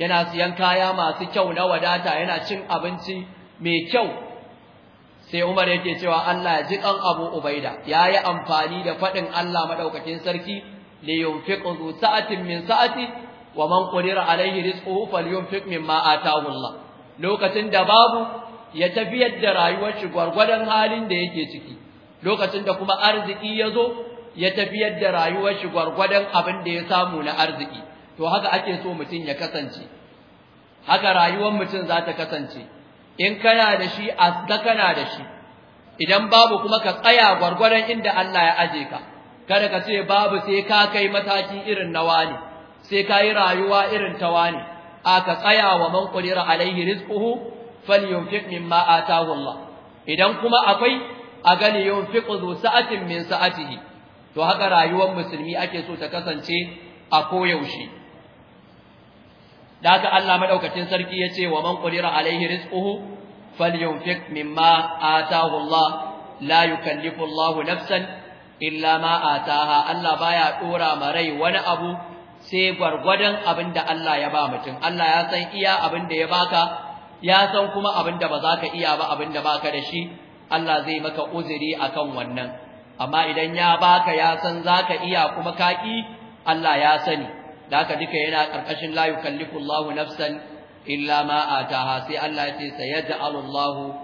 yana siyan kaya masu kyau na wadata yana cin abinci mai kyau sai Umar yake cewa Allah ya ji kan Abu Ubaida yayi amfani da fadin Allah madaukakin sarki li yunfiqu sa'atin min sa'ati wa man qadira alaihi rizquhu falyunfiq mimma ataahu Allah lokacin da babu ya tafiyar da rayuwar shi gwargwadon halin da yake ciki lokacin da kuma arziki ya zo ya tafiyar da rayuwar shi gwargwadon abin da ya samu na arziki to haka ake so mutum ya kasance haka rayuwar mutum za ta kasance in kana da shi azza kana da shi idan babu kuma ka tsaya gwargwaron inda Allah ya aje ka kada ka ce babu sai ka kai mataki irin na wani sai ka yi rayuwa irin ta wani a ka tsaya wa man qulira alaihi rizquhu falyunfiq mimma atahu Allah idan kuma akwai a gani yunfiq zu sa'atin min sa'atihi to haka rayuwar musulmi ake so ta kasance a koyaushe da haka Allah madaukakin sarki ya ce wa man qadira alaihi rizquhu falyunfiq mimma ataahu Allah la yukallifu Allah nafsan illa ma ataaha Allah baya dora marai wani abu sai gwargwadon abin da Allah ya ba mutum Allah ya san iya abin da ya baka ya san kuma abin da ba za ka iya ba abin da baka da shi Allah zai maka uzuri akan wannan amma idan ya baka ya san zaka iya kuma kaki Allah ya sani da aka duka yana ƙarƙashin la yukallifu Allahu nafsan illa ma ataha sai Allah ya ce sayaj'alu Allahu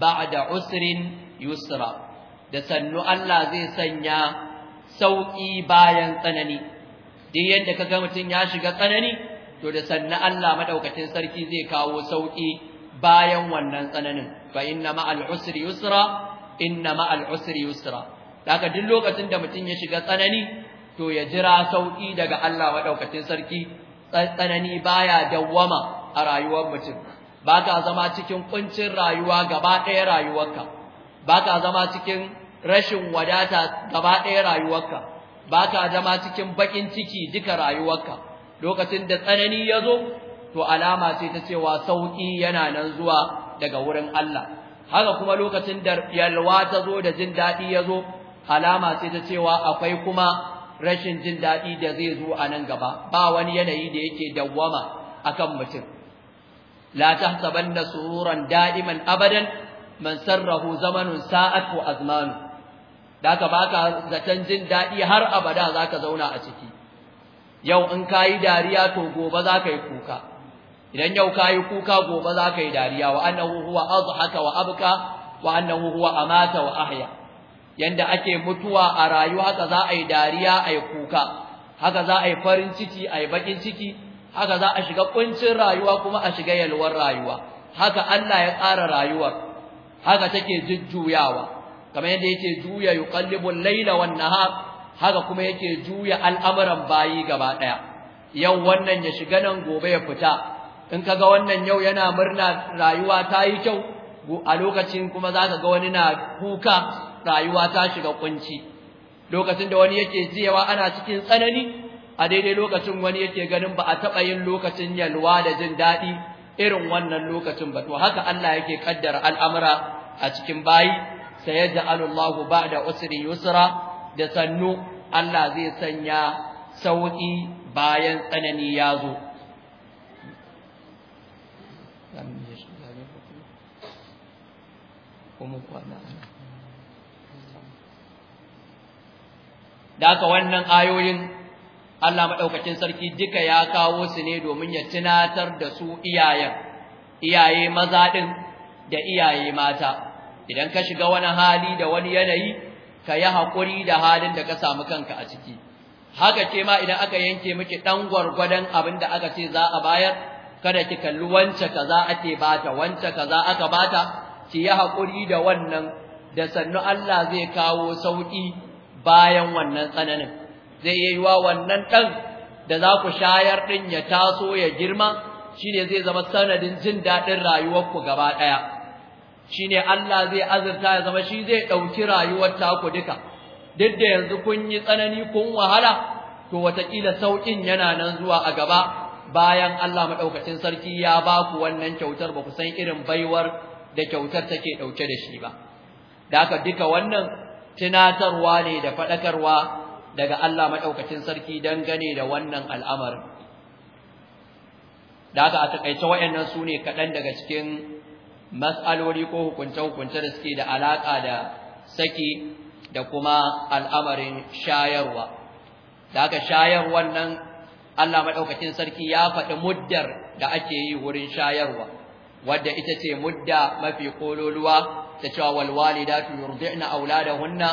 ba'da usrin yusra da sannu Allah zai sanya sauki bayan tsanani duk yadda kaga mutun ya shiga tsanani to da sannu Allah madaukakin sarki zai kawo sauki bayan wannan tsananin fa inna ma'al usri yusra inna ma'al usri yusra daga duk lokacin da mutum ya shiga tsanani to ya jira sauki daga Allah maɗaukacin sarki tsanani baya dawwama a rayuwar mutum ba ka zama cikin kuncin rayuwa gaba ɗaya rayuwarka ka zama cikin rashin wadata gaba ɗaya rayuwarka ka zama cikin baƙin ciki duka rayuwarka lokacin da tsanani ya zo to alama ce ta cewa sauki yana nan zuwa daga wurin Allah haka kuma lokacin da yalwa ta zo da jin daɗi ya zo alama ce ta cewa akwai kuma rashin jin daɗi da zai zo a nan gaba ba wani yanayi da yake dawwama akan mutum la tahsabanna sururan da'iman abadan man sarrahu zamanun sa'at wa azman da ka baka zaton jin daɗi har abada zaka zauna a ciki yau in kayi dariya to gobe zaka yi kuka idan yau kayi kuka gobe zaka yi dariya wa annahu huwa azhaka wa abka wa annahu huwa amata wa ahya yanda ake mutuwa a rayuwa haka za a yi dariya a yi kuka haka za a yi farin ciki a yi bakin ciki haka za a shiga ƙuncin rayuwa kuma a shiga yalwar rayuwa haka Allah ya tsara rayuwar haka take jujjuyawa kamar yadda yake juya yuqallibul laila wan-nahar haka kuma yake juya al'amuran bayi gaba ɗaya, yau wannan ya shiga nan gobe ya fita in kaga wannan yau yana murna rayuwa ta yi kyau a lokacin kuma zaka ga wani na kuka rayuwa ta shiga kunci lokacin da wani yake jiyawa ana cikin tsanani a daidai lokacin wani yake ganin ba a taɓa yin lokacin yalwa da jin daɗi irin wannan lokacin ba to haka Allah yake kaddara al'amura a cikin bayi sayaj'alu Allahu ba'da usri yusra da sannu Allah zai sanya sauki bayan tsanani ya zo kwana da haka wannan ayoyin Allah maɗaukacin sarki duka ya kawo su ne domin ya tunatar da su iyayen iyaye maza din da iyaye mata idan ka shiga wani hali da wani yanayi ka yi hakuri da halin da ka samu kanka a ciki haka ke ma idan aka yanke miki ɗan gwargwadon abin da aka ce za a bayar kada ki kalli wance kaza ake bata wance za aka bata ki yi hakuri da wannan da sannu Allah zai kawo sauki bayan wannan tsananin zai yi wa wannan ɗan da za ku shayar ɗin ya taso ya girma shi ne zai zama sanadin jin daɗin rayuwarku gaba ɗaya Shi ne Allah zai azurta ya zama shi zai ɗauki rayuwar taku duka duk da yanzu kun yi tsanani kun wahala to wataƙila sauƙin yana nan zuwa a gaba bayan Allah maɗaukacin sarki ya ba ku wannan kyautar ba ku san irin baiwar da kyautar take ɗauke da shi ba da haka duka wannan tunatarwa ne da faɗakarwa daga Allah maɗaukacin sarki dangane da wannan al'amarin. Da aka a taƙaice waɗannan su ne kaɗan daga cikin matsaloli ko hukunce-hukunce da suke da alaƙa da saki da kuma al'amarin shayarwa. Da aka shayarwan nan Allah maɗaukacin sarki ya faɗi muddar da ake yi wurin shayarwa, wadda ita ce mudda mafi kololuwa da cewa wal walidatu yurdi'na auladahunna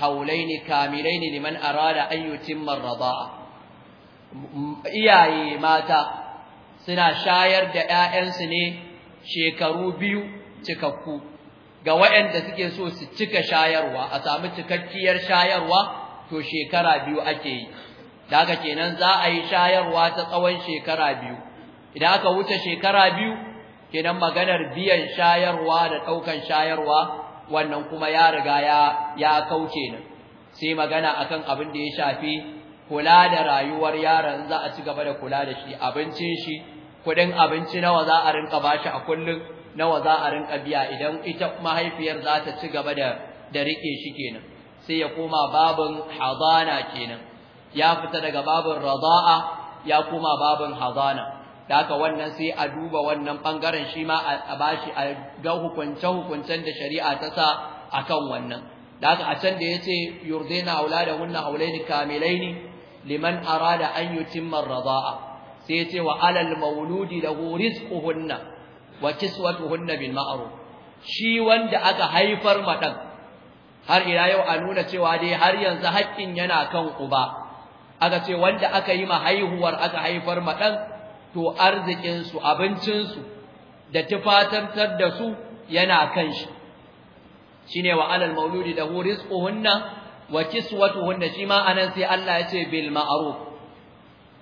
haulain kamilain liman arada an yutimma ar-rida'a iyaye mata suna shayar da ƴaƴansu ne shekaru biyu cikakku ga waɗanda suke so su cika shayarwa a samu cikakkiyar shayarwa to shekara biyu ake yi daga kenan za a yi shayarwa ta tsawon shekara biyu idan aka wuce shekara biyu kenan maganar biyan shayarwa da daukan shayarwa wannan kuma ya riga ya ya kauce ne sai magana akan abin da ya shafi kula da rayuwar yaron za a ci gaba da kula da shi abincin shi kudin abinci nawa za a rinka bashi a kullum nawa za a rinka biya idan ita mahaifiyar za ta ci gaba da da rike shi kenan sai ya koma babin hadana kenan ya fita daga babin rada'a ya koma babin hadana da haka wannan sai a duba wannan bangaren shi ma a bashi a ga hukunce-hukuncen da shari'a ta sa akan wannan da haka a can da yace yurdina auladahunna aulaini kaminaini, liman arada an yutimma ar-rida'a sai yace wa alal mauludi lahu rizquhunna wa kiswatuhunna bin ma'aruf. shi wanda aka haifar madan har ila yau a nuna cewa dai har yanzu haƙƙin yana kan uba aka ce wanda aka yi ma haihuwar aka haifar maɗan to arzikinsu abincinsu da tufatantar da su yana kan shi shi ne wa alal mauludi da huris ƙuhunna wa kiswatuhunna shi ma anan sai Allah ya ce bil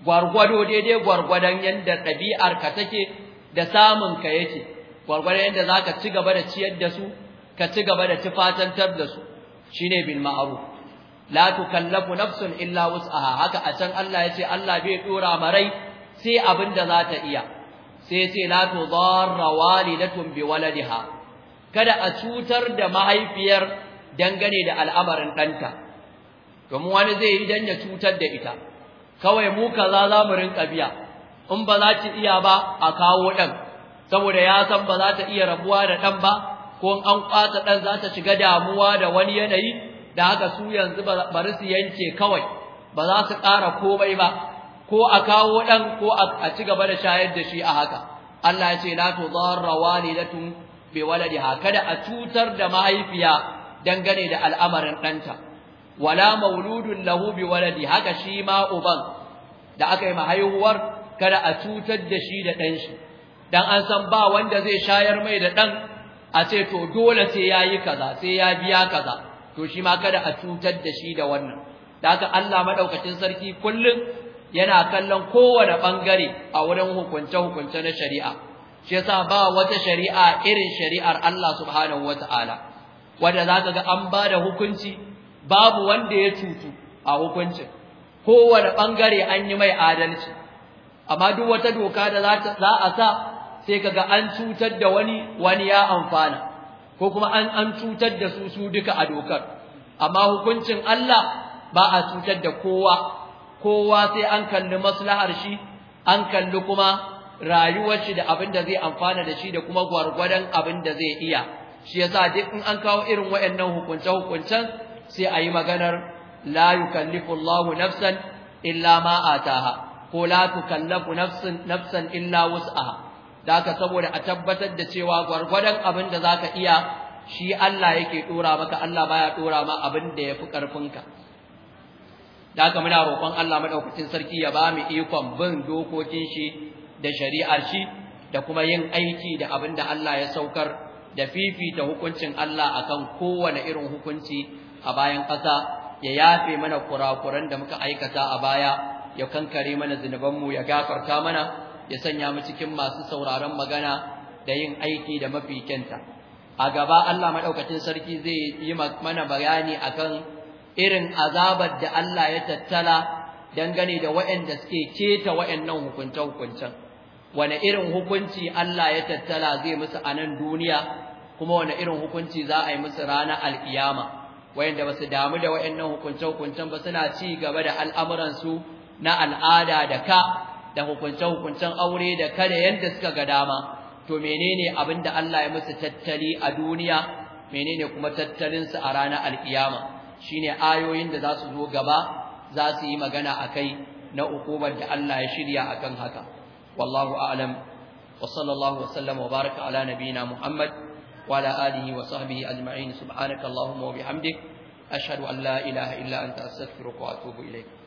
gwargwado daidai gwargwadon yadda ɗabi'ar ka take da samun ka yake gwargwadon yadda za ka ci gaba da ciyar da su ka ci gaba da tufatantar da su shi ne bil ma'aruf la tukallafu nafsun illa wus'aha haka a can Allah ya ce Allah bai ɗora marai sai abin da za ta iya sai sai la darra walidatun bi waladiha kada a cutar da mahaifiyar dangane da al'amarin ɗanta domin wani zai yi dan ya cutar da ita kawai mu kaza za mu rinka biya in ba za ta iya ba a kawo ɗan saboda ya san ba za ta iya rabuwa da ɗan ba ko in an kwata ɗan za ta shiga damuwa da wani yanayi da haka su yanzu bari su yanke kawai ba za su ƙara komai ba ko a kawo ɗan, ko a ci gaba da shayar da shi a haka Allah ya ce la tun bai waladi waladiha kada a cutar da mahaifiya dangane da al'amarin ɗanta, wala mauludun lahu bi waladi haka shi ma uban da aka yi mahaihuwar kada a cutar da shi da ɗan shi dan an san ba wanda zai shayar mai da ɗan, a ce to dole sai yayi kaza sai ya biya kaza to shi ma kada a cutar da shi da wannan da haka Allah maɗaukacin sarki kullum yana kallon kowane ɓangare a wurin hukunce-hukunce na shari'a shi yasa ba wata shari'a irin shari'ar Allah subhanahu wata'ala wanda zaka ga an ba da hukunci babu wanda ya cutu a hukuncin kowane bangare an yi mai adalci amma duk wata doka da za a sa sai kaga an cutar da wani wani ya amfana ko kuma an an cutar da su su duka a dokar amma hukuncin Allah ba a cutar da kowa kowa sai an kalli maslahar shi an kalli kuma rayuwar shi da abin da zai amfana da shi da kuma gwargwadon abin da zai iya shi yasa duk in an kawo irin wayannan hukunce hukuncen sai a yi maganar la yukallifu Allahu nafsan illa ma ataha ko la tukallafu nafsan nafsan illa wus'aha da haka saboda a tabbatar da cewa gwargwadon abin da zaka iya shi Allah yake dora maka Allah baya dora ma abin da yafi karfinka ta haka muna roƙon Allah madaukakin sarki ya ba mu ikon bin dokokin shi da shari'ar shi da kuma yin aiki da abin da Allah ya saukar da fifita hukuncin Allah akan kowane irin hukunci a bayan ƙasa ya yafe mana kurakuran da muka aikata a baya ya kankare mana mu ya gafarta mana ya sanya mu cikin masu sauraron magana da yin aiki da mafi kyanta a gaba Allah Maɗaukacin sarki zai yi mana bayani akan irin azabar da Allah ya tattala dangane da waɗanda suke keta waɗannan hukunce-hukuncen wane irin hukunci Allah ya tattala zai musu a nan duniya kuma wane irin hukunci za a yi musu ranar al'iyama? waɗanda ba su damu da waɗannan hukunce-hukuncen ba suna ci gaba da al'amuransu na al'ada da ka da hukunce-hukuncen aure da ka da yadda suka ga dama to menene abin da Allah ya musu tattali a duniya menene kuma tattalinsu a ranar alkiyama shine ayoyin da za su zo gaba za su yi magana a kai na ukubar da Allah ya shirya akan haka wallahu a'lam wa sallallahu wa sallama wa baraka ala nabiyyina muhammad wa ala alihi wa sahbihi ajma'in subhanakallahumma wa bihamdik ashhadu an la ilaha illa anta astaghfiruka wa atubu ilayk